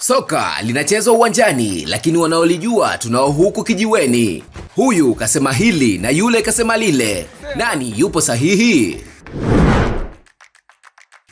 Soka linachezwa uwanjani, lakini wanaolijua tunao huku kijiweni. Huyu kasema hili na yule kasema lile, nani yupo sahihi?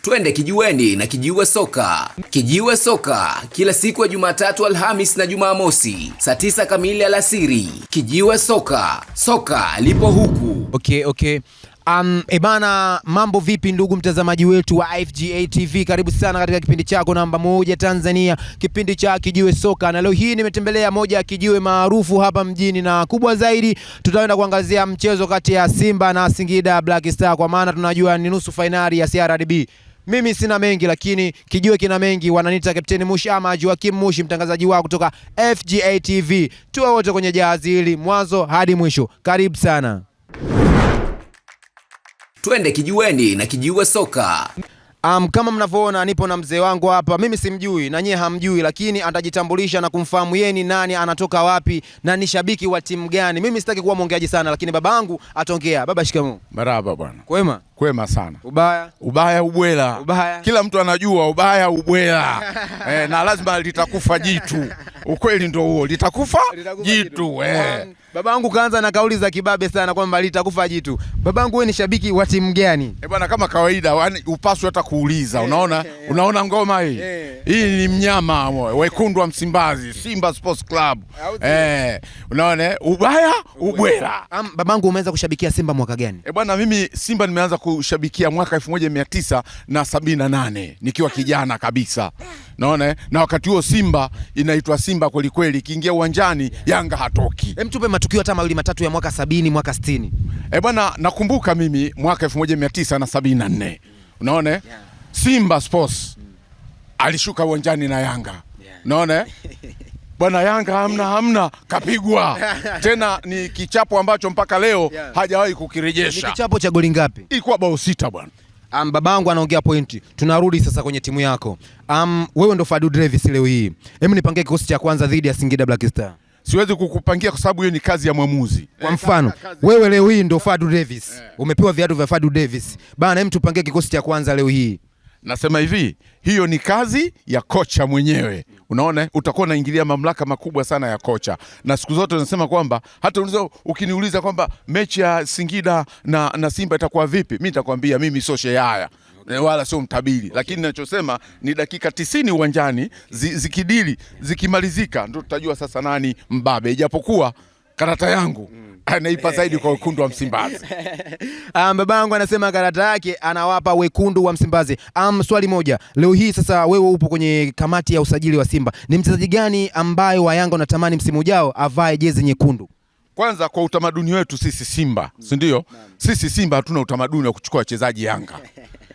Twende kijiweni na kijiwe soka. Kijiwe soka kila siku ya Jumatatu, Alhamis na Jumamosi saa tisa kamili alasiri. Kijiwe soka, soka lipo huku. Okay, okay. Um, ebana, mambo vipi ndugu mtazamaji wetu wa FGA TV, karibu sana katika kipindi chako namba moja Tanzania, kipindi cha Kijiwe Soka, na leo hii nimetembelea moja ya kijiwe maarufu hapa mjini, na kubwa zaidi tutaenda kuangazia mchezo kati ya Simba na Singida Black Star, kwa maana tunajua ni nusu fainali ya CRDB. Mimi sina mengi lakini kijiwe kina mengi. Wananiita Kapteni Mushi ama Joakim Mushi, mtangazaji wao kutoka FGA TV. Tuwe wote kwenye jahazi hili mwanzo hadi mwisho. Karibu sana. Twende kijiweni na kijiwe soka. Um, kama mnavyoona nipo na mzee wangu hapa. Mimi simjui na nyie hamjui, lakini atajitambulisha na kumfahamu yeye ni nani, anatoka wapi na ni shabiki wa timu gani. Mimi sitaki kuwa mwongeaji sana, lakini babangu ataongea. Baba, shikamoo. baraba bwana. Kwema? Kwema sana. Ubaya? Ubaya ubwela. Ubaya. Kila mtu anajua ubaya ubwela. Eh, na lazima litakufa jitu ukweli ndo huo, litakufa jitu. Eh. Babangu kaanza na kauli za kibabe sana kwamba litakufa jitu. Babangu, wewe ni shabiki wa timu gani? Eh bwana, kama kawaida, yani upaswi hata kuuliza. Eh, unaona, eh. unaona ngoma hii hii ni mnyama wekundu wa Msimbazi, Simba Sports Club. Ah, eh, unaona ubaya ubwera. Babangu, umeanza kushabikia Simba mwaka gani? Eh bwana, mimi Simba nimeanza kushabikia mwaka 1978 nikiwa kijana kabisa naona eh? na wakati huo Simba inaitwa Simba kweli kweli, ikiingia uwanjani Yanga hatoki. Hem, tupe matukio hata mawili matatu ya mwaka sabini mwaka sitini. Eh bwana, nakumbuka mimi mwaka 1974 unaona eh? Simba Sports alishuka uwanjani na Yanga naona eh? Bwana Yanga hamna hamna, kapigwa tena. Ni kichapo ambacho mpaka leo hajawahi kukirejesha. Ni kichapo cha goli ngapi? Ilikuwa bao sita bwana. Um, babangu anaongea pointi. Tunarudi sasa kwenye timu yako. Um, wewe ndo Fadu Davis leo hii. Hebu nipangie kikosi cha kwanza dhidi ya Singida Black Star. Siwezi kukupangia kwa sababu hiyo ni kazi ya mwamuzi. Kwa eh, mfano, wewe leo hii ndo Fadlu Davis. Eh. Umepewa viatu vya Fadu Davis. Bana, hem tupangie kikosi cha kwanza leo hii. Nasema hivi, hiyo ni kazi ya kocha mwenyewe. Unaona, utakuwa unaingilia mamlaka makubwa sana ya kocha, na siku zote unasema kwamba hata ukiniuliza kwamba mechi ya Singida na, na Simba itakuwa vipi, mi nitakwambia mimi sio shehaya eh, wala sio mtabiri okay. Lakini ninachosema ni dakika tisini uwanjani zikidili zikimalizika, ndio tutajua sasa nani mbabe, ijapokuwa karata yangu mm. anaipa zaidi kwa wekundu wa Msimbazi. Um, ah, yangu anasema karata yake anawapa wekundu wa Msimbazi. Um, swali moja leo hii sasa, wewe upo kwenye kamati ya usajili wa Simba, ni mchezaji gani ambaye wa Yanga unatamani msimu ujao avae jezi nyekundu? Kwanza kwa utamaduni wetu sisi Simba, si ndio? Sisi Simba hatuna utamaduni wa kuchukua wachezaji Yanga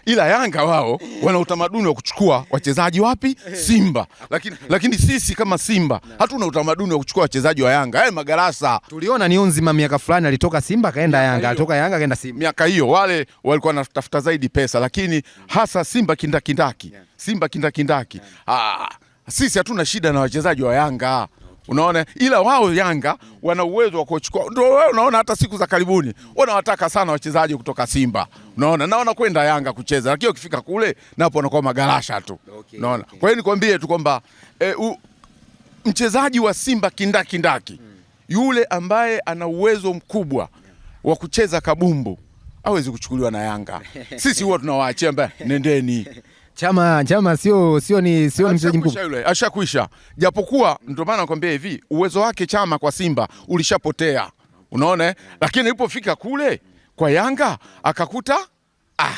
ila Yanga wao wana utamaduni wa kuchukua wachezaji wapi? Simba. Lakini, lakini sisi kama Simba hatuna utamaduni wa kuchukua wachezaji wa Yanga. Yale magarasa tuliona ni nzima, miaka fulani alitoka Simba kaenda Yanga, alitoka Yanga kaenda Simba. Miaka hiyo wale walikuwa wanatafuta zaidi pesa, lakini hasa Simba kindakindaki, Simba kindakindaki. Ah, sisi hatuna shida na wachezaji wa Yanga. Unaona, ila wao Yanga wana uwezo wa kuchukua. Ndio wewe unaona, hata siku za karibuni wanawataka sana wachezaji kutoka Simba, unaona, na wanakwenda Yanga kucheza, lakini ukifika kule napo wanakuwa magarasha tu, unaona. Kwa hiyo nikwambie tu kwamba e, mchezaji wa Simba kindakindaki hmm. yule ambaye ana uwezo mkubwa wa kucheza kabumbu hawezi kuchukuliwa na Yanga. Sisi huwa tunawaachia mbaya, nendeni Chama Chama sio sio ni sio mchezaji mkubwa yule, ashakwisha. Japokuwa ndio maana nakwambia hivi, uwezo wake Chama kwa Simba ulishapotea, unaona, lakini alipofika kule kwa Yanga akakuta Ah,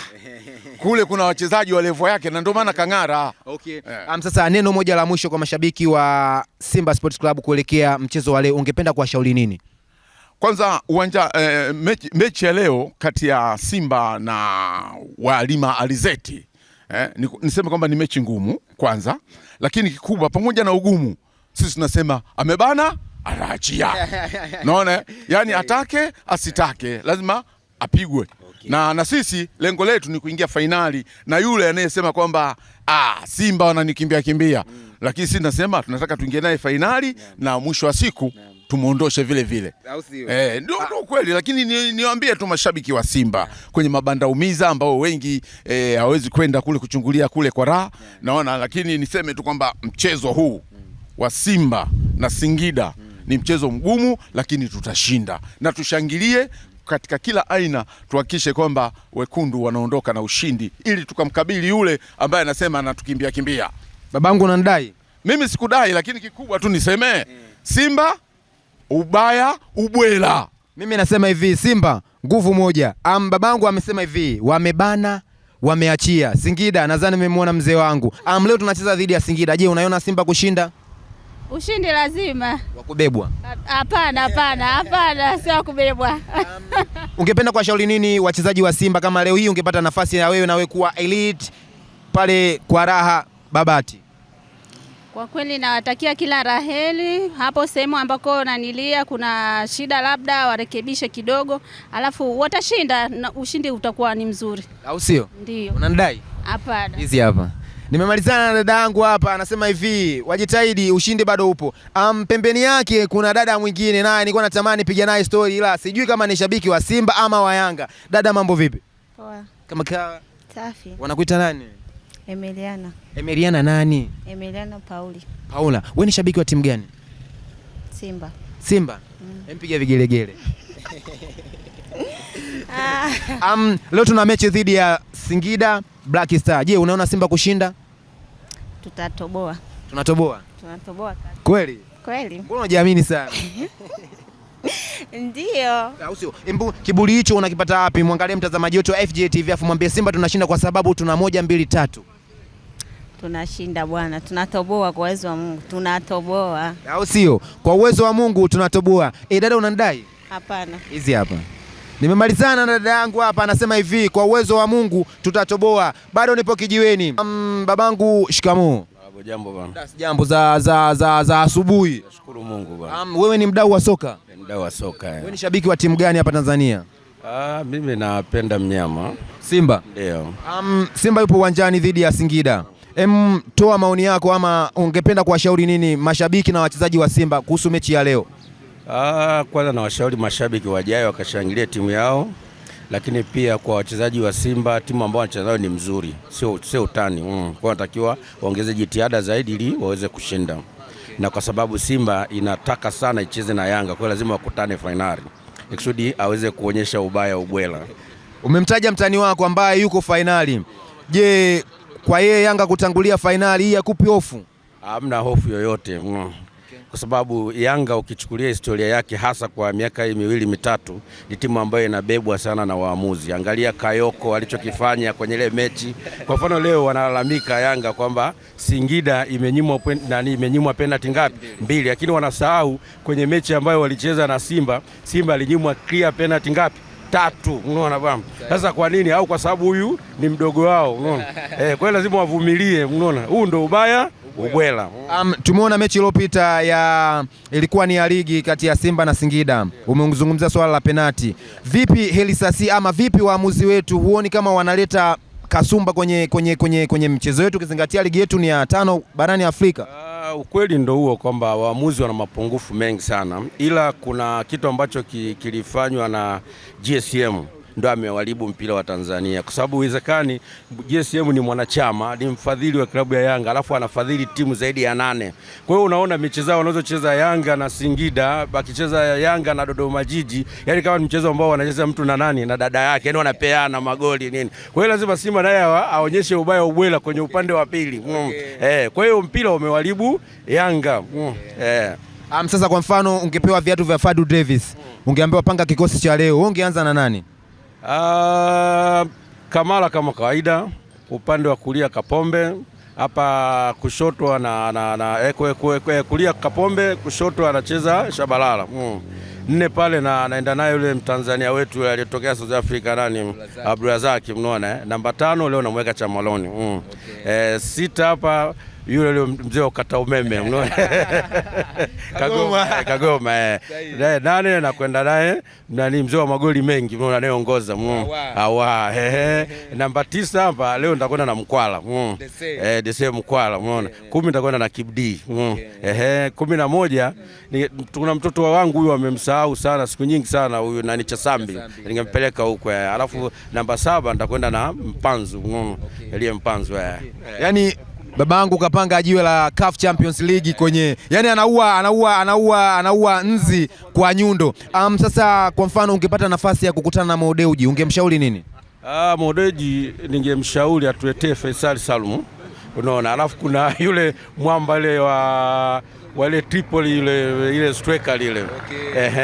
kule kuna wachezaji wa levo yake na ndio maana kang'ara. Okay. Yeah. Um, sasa neno moja la mwisho kwa mashabiki wa Simba Sports Club kuelekea mchezo wa leo, ungependa kuwashauri nini? Kwanza uwanja eh, mechi, mechi ya leo kati ya Simba na Waalima Alizeti Eh, niseme kwamba ni mechi ngumu kwanza, lakini kikubwa pamoja na ugumu, sisi tunasema amebana anaachia. Naona yani atake asitake lazima apigwe. Na, na sisi lengo letu ni kuingia fainali na yule anayesema kwamba ah, Simba wananikimbia kimbia, kimbia. Mm. Lakini sisi nasema tunataka tuingie naye fainali yeah. Na mwisho wa siku yeah tumuondoshe vile vile, eh, ndio ndio kweli. Lakini niwaambie ni tu mashabiki wa Simba kwenye mabanda umiza ambao wengi eh, kwenda kule kuchungulia kule kwa raha naona, lakini niseme tu kwamba mchezo huu wa Simba na Singida ni mchezo mgumu, lakini tutashinda na tushangilie katika kila aina tuhakikishe kwamba wekundu wanaondoka na ushindi, ili tukamkabili yule ambaye anasema anatukimbia kimbia. Babangu unanidai mimi, sikudai, lakini kikubwa tu niseme eh. Simba ubaya ubwela. Mimi nasema hivi, Simba nguvu moja. Babangu amesema hivi, wamebana wameachia Singida. Nadhani nimemwona mzee wangu am, leo tunacheza dhidi ya Singida. Je, unaiona Simba kushinda? Ushindi lazima. Wakubebwa? Hapana, hapana, hapana, sio kubebwa. Ungependa kuwashauri nini wachezaji wa Simba kama leo hii ungepata nafasi ya wewe na wewe kuwa elite pale kwa raha Babati? Kwa kweli nawatakia kila raheli hapo sehemu ambako nanilia kuna shida, labda warekebishe kidogo, alafu watashinda na ushindi utakuwa ni mzuri, au sio? Ndio unanidai hapana, hizi hapa nimemalizana na dada yangu hapa, anasema hivi wajitahidi, ushindi bado upo. Um, pembeni yake kuna dada mwingine naye nilikuwa natamani piga naye story, ila sijui kama ni shabiki wa Simba ama wa Yanga. Dada, mambo vipi? Poa. Kama kawa. Safi. Wanakuita nani? Emiliana. Emeliana nani? Emeliana Pauli. Paula, wewe ni shabiki wa timu gani? Simba. Simba? Mm. Mpiga vigelegele. Um, leo tuna mechi dhidi ya Singida Black Star. Je, unaona Simba kushinda? Tutatoboa. Tunatoboa? Tunatoboa kabisa. Kweli? Kweli. Mbona unajiamini sana? Ndio. Ah, Embu kiburi hicho unakipata wapi? Mwangalie mtazamaji wetu wa FJ TV afu mwambie Simba tunashinda kwa sababu tuna moja mbili tatu. Tunashinda Bwana, tunatoboa kwa uwezo wa Mungu, tunatoboa, au sio? Kwa uwezo wa Mungu tunatoboa. E, dada unanidai? Hapana, hizi hapa nimemalizana na dada yangu hapa, anasema hivi kwa uwezo wa Mungu tutatoboa. Bado nipo kijiweni. Um, babangu shikamoo. Jambo bwana. Jambo za za za, za asubuhi. Nashukuru Mungu bwana. Um, wewe ni mdau wa soka? Mdau wa soka. Wewe ni shabiki wa timu gani hapa Tanzania? Ah, mimi napenda mnyama Simba. Ndio. Um, Simba yupo uwanjani dhidi ya Singida Em, toa maoni yako ama ungependa kuwashauri nini mashabiki na wachezaji wa Simba kuhusu mechi ya leo? Ah, kwanza na washauri mashabiki wajayo wakashangilia timu yao, lakini pia kwa wachezaji wa Simba, timu ambao wanacheza ni mzuri, sio sio utani mm. Kwa natakiwa waongeze jitihada zaidi ili waweze kushinda, na kwa sababu Simba inataka sana icheze na Yanga, kwa lazima wakutane fainali ikusudi aweze kuonyesha ubaya ubwela. Umemtaja mtani wako ambaye yuko fainali. Je, kwa yeye Yanga kutangulia fainali hii yakupi hofu? Hamna hofu yoyote mm. Kwa sababu Yanga ukichukulia historia yake hasa kwa miaka hii miwili mitatu, ni timu ambayo inabebwa sana na waamuzi. Angalia Kayoko alichokifanya kwenye ile mechi. Kwa mfano leo wanalalamika Yanga kwamba Singida imenyimwa nani, imenyimwa penalti ngapi? Mbili, lakini wanasahau kwenye mechi ambayo walicheza na Simba, Simba alinyimwa clear penalti ngapi? tatu, unaona bwana. Sasa kwa nini? Au kwa sababu huyu ni mdogo wao, unaona eh, kwa hiyo lazima wavumilie, unaona huu ndo ubaya ubwela. Um, tumeona mechi iliyopita ya ilikuwa ni ya ligi kati ya Simba na Singida, umezungumzia swala la penati. Vipi helisasi ama vipi waamuzi wetu, huoni kama wanaleta kasumba kwenye, kwenye, kwenye, kwenye mchezo wetu ukizingatia ligi yetu ni ya tano barani Afrika? ukweli ndo huo kwamba waamuzi wana mapungufu mengi sana, ila kuna kitu ambacho kilifanywa na GSM ndo amewaribu mpira wa Tanzania, kwa sababu uwezekani JSM ni mwanachama, ni mfadhili wa klabu ya Yanga, alafu anafadhili timu zaidi ya nane. Kwa hiyo unaona michezo zao wanazocheza Yanga na Singida, akicheza Yanga na Dodoma Jiji, yani kama ni mchezo ambao wanacheza mtu na nani na dada yake, yani wanapeana magoli nini. Kwa hiyo lazima Simba naye aonyeshe ubaya ubwela kwenye upande wa pili mm. Okay. Eh, kwa hiyo mpira umewaribu Yanga mm. Yeah. Eh. Um, sasa kwa mfano ungepewa viatu vya Fadu Davis, mm. ungeambiwa panga kikosi cha leo, wewe ungeanza na nani? Uh, Kamala kama kawaida, upande wa kulia Kapombe, hapa kushoto na, na, na kulia Kapombe, kushoto anacheza Shabalala mm. nne pale na naenda naye yule Mtanzania wetu aliyetokea South Africa nani Abdurazaki, mnaona eh? namba tano leo namweka Chamaloni mm. okay. eh, sita hapa yule yule mzee wa kata umeme Kagoma, Kagoma eh, eh. nane nakwenda naye nani, mzee wa magoli mengi mnaona anayeongoza mm. awa, ehe, namba tisa hapa leo nitakwenda na Mkwala mm. eh, dese Mkwala unaona, kumi nitakwenda na Kibdi mm. eh, ehe, kumi na moja kuna mtoto wa wangu huyu amemsahau sana siku nyingi sana huyu nani cha Sambi, ningempeleka huko eh. alafu namba saba nitakwenda na Mpanzu mm. Elie Mpanzu eh. yani babangu kapanga jiwe la CAF Champions League kwenye, yani anaua anaua anaua anaua nzi kwa nyundo. Um, sasa kwa mfano ungepata nafasi ya kukutana na Modeuji ungemshauri nini? Ah, Modeuji ningemshauri atuletee Faisal Salumu, unaona, alafu kuna yule mwamba ile wa wale Tripoli ile ile striker ile okay.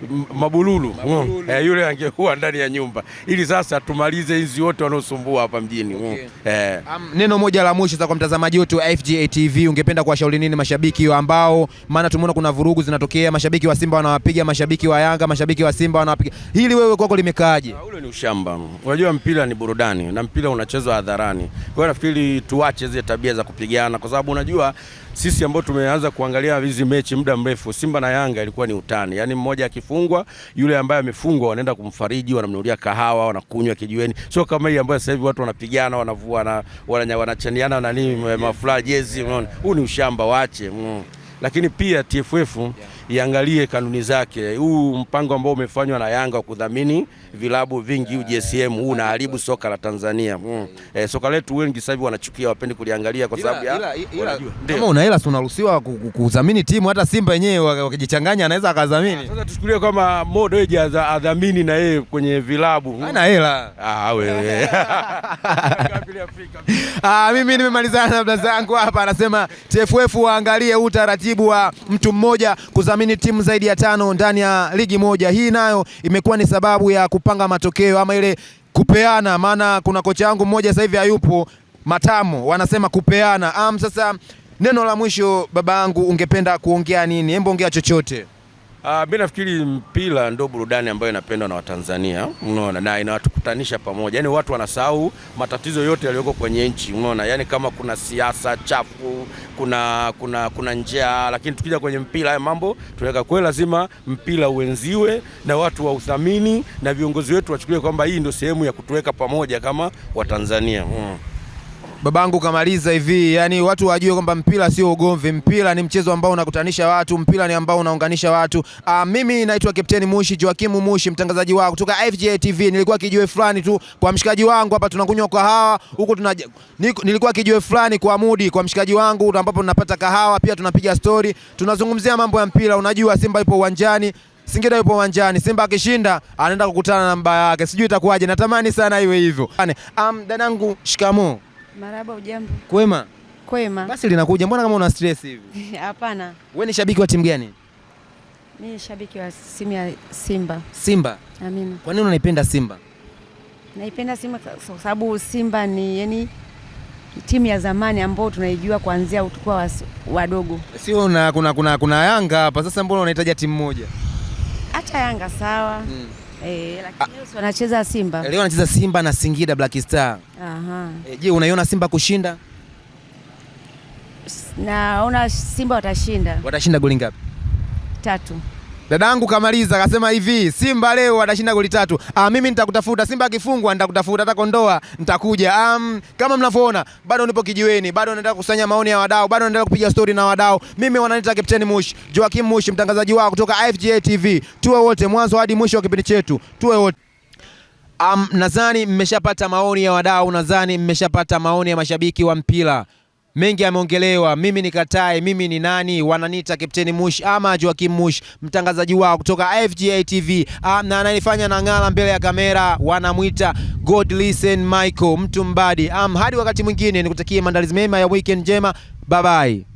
Mabululu, Mabululu. Mm. Eh, yule angekuwa ndani ya nyumba ili sasa tumalize hizi wote wanaosumbua hapa mjini. Okay. Mm. Eh. Um, neno moja la mwisho kwa mtazamaji wetu wa FGA TV ungependa kuwashauri nini mashabiki ambao maana tumeona kuna vurugu zinatokea, mashabiki wa Simba wanawapiga mashabiki wa Yanga, mashabiki wa Simba wanawapiga. Hili wewe kwako limekaaje? Ah, ule ni ushamba. Unajua mpira ni burudani na mpira unachezwa hadharani. Kwa hiyo nafikiri tuache zile tabia za kupigana kwa sababu unajua sisi ambao tumeanza kuangalia hizi mechi muda mrefu, Simba na Yanga ilikuwa ni utani, yaani mmoja akifungwa yule ambaye amefungwa wanaenda kumfariji, wanamnunulia kahawa, wanakunywa kijiweni, sio kama hii ambayo sasa hivi watu wanapigana, wanavua, wanachaniana nini, mafulaa jezi. Unaona, huu ni ushamba, mm. Lakini pia TFF iangalie kanuni zake. Huu mpango ambao umefanywa na Yanga wa kudhamini vilabu vingi huu JSM huu unaharibu soka la Tanzania mm. E, soka letu wengi sasa hivi wanachukia, wapendi kuliangalia kwa sababu ya kama una hela unaruhusiwa kudhamini timu. Hata Simba yenyewe wakijichanganya anaweza akadhamini. Sasa tuchukulie kama Modeji adhamini na yeye kwenye vilabu ana hela ah, wewe ah, mimi nimemalizana na blaza zangu hapa, anasema TFF waangalie utaratibu wa mtu mmoja kudhamini kudhamini timu zaidi ya tano ndani ya ligi moja. Hii nayo imekuwa ni sababu ya kupanga matokeo ama ile kupeana, maana kuna kocha wangu mmoja sasa hivi hayupo Matamo, wanasema kupeana. Am, sasa neno la mwisho baba yangu, ungependa kuongea nini? Hebu ongea chochote. Uh, mi nafikiri mpira ndo burudani ambayo inapendwa na Watanzania, unaona, na inawatukutanisha pamoja. Yaani watu wanasahau matatizo yote yaliyoko kwenye nchi, unaona, yaani kama kuna siasa chafu, kuna kuna kuna njaa, lakini tukija kwenye mpira haya mambo tunaweka kwa, lazima mpira uenziwe na watu wa uthamini na viongozi wetu wachukulie kwamba hii ndio sehemu ya kutuweka pamoja kama Watanzania mm. Babangu kamaliza hivi, yani watu wajue kwamba mpira sio ugomvi, mpira ni mchezo ambao unakutanisha watu, mpira ni ambao unaunganisha watu. Aa, ah, mimi naitwa Captain Mushi Joakimu Mushi, mtangazaji wako kutoka FJ TV. Nilikuwa kijiwe fulani tu kwa mshikaji wangu hapa, tunakunywa kahawa huko, tuna, nilikuwa kijiwe fulani kwa Mudi, kwa mshikaji wangu ambapo tunapata kahawa pia, tunapiga story, tunazungumzia mambo ya mpira. Unajua Simba ipo uwanjani Singida yupo uwanjani. Simba akishinda anaenda kukutana na mbaya yake, sijui itakuwaje. Natamani sana iwe hivyo. Um, yaani, dadangu shikamoo. Marahaba, ujambo? Kwema. Kwema. Basi linakuja, mbona kama una stress hivi? Hapana. Wewe ni shabiki wa timu gani? Mimi shabiki wa simu ya Simba. Simba? Amina. Kwa nini unaipenda Simba? Naipenda Simba kwa sababu Simba ni yani timu ya zamani ambayo tunaijua kuanzia utukua wadogo, sio na kuna, kuna, kuna Yanga hapa sasa, mbona unahitaji timu moja? Hata Yanga sawa. Hmm. Eh, ah. lakini wanacheza Simba. Eh, leo Simba na Singida Black Star. Aha. Eh, je, unaiona Simba kushinda? Naona Simba watashinda. Watashinda goli ngapi? Tatu. Dadangu kamaliza akasema hivi, Simba leo atashinda goli tatu. Ah, mimi nitakutafuta Simba akifungwa nitakutafuta hata Kondoa nitakuja. Um, kama mnavyoona bado nipo kijiweni, bado naendelea kusanya maoni ya wadau, bado naendelea kupiga story na wadau. Mimi wananiita Captain Mush, Joakim Mush, mtangazaji wao kutoka FGA TV. Tuwe wote mwanzo hadi mwisho wa kipindi chetu. Tuwe wote. Um, nadhani mmeshapata maoni ya wadau, nadhani mmeshapata maoni ya mashabiki wa mpira. Mengi yameongelewa, mimi ni Katai, mimi ni nani? Wananiita Kapteni Mush ama Joakim Mush, mtangazaji wao kutoka FGA TV ah, na ananifanya ng'ala mbele ya kamera, wanamwita God Listen Michael, mtu mbadi hadi wakati mwingine, nikutakie maandalizi mema ya weekend njema, bye bye.